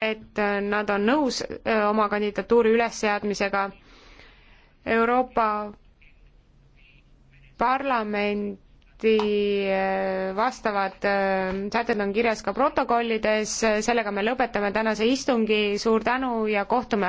et äh, nad on nõus äh, oma kandidatuuri ülesseadmisega. Euroopa Parlamenti äh, vastavad sätted on kirjas ka protokollides, sellega me lõpetame tänase istungi, suur tänu ja kohtume